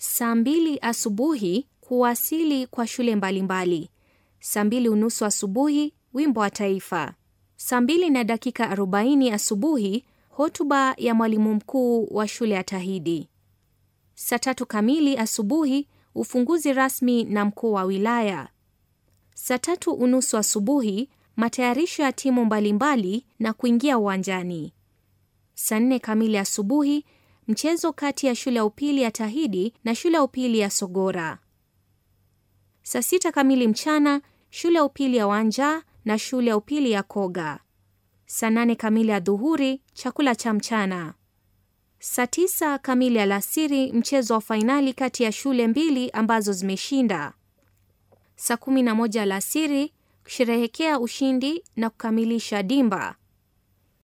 saa mbili asubuhi kuwasili kwa shule mbalimbali. Saa mbili unusu asubuhi wimbo wa taifa. Saa mbili na dakika arobaini asubuhi hotuba ya mwalimu mkuu wa shule ya Tahidi. Saa tatu kamili asubuhi ufunguzi rasmi na mkuu wa wilaya. Saa tatu unusu asubuhi matayarisho ya timu mbalimbali na kuingia uwanjani. Saa nne kamili asubuhi mchezo kati ya shule ya upili ya Tahidi na shule ya upili ya Sogora. Saa sita kamili mchana, shule ya upili ya Wanja na shule ya upili ya Koga. Saa nane kamili ya dhuhuri, chakula cha mchana. Saa tisa kamili alasiri, mchezo wa fainali kati ya shule mbili ambazo zimeshinda. Saa kumi na moja alasiri, kusherehekea ushindi na kukamilisha dimba.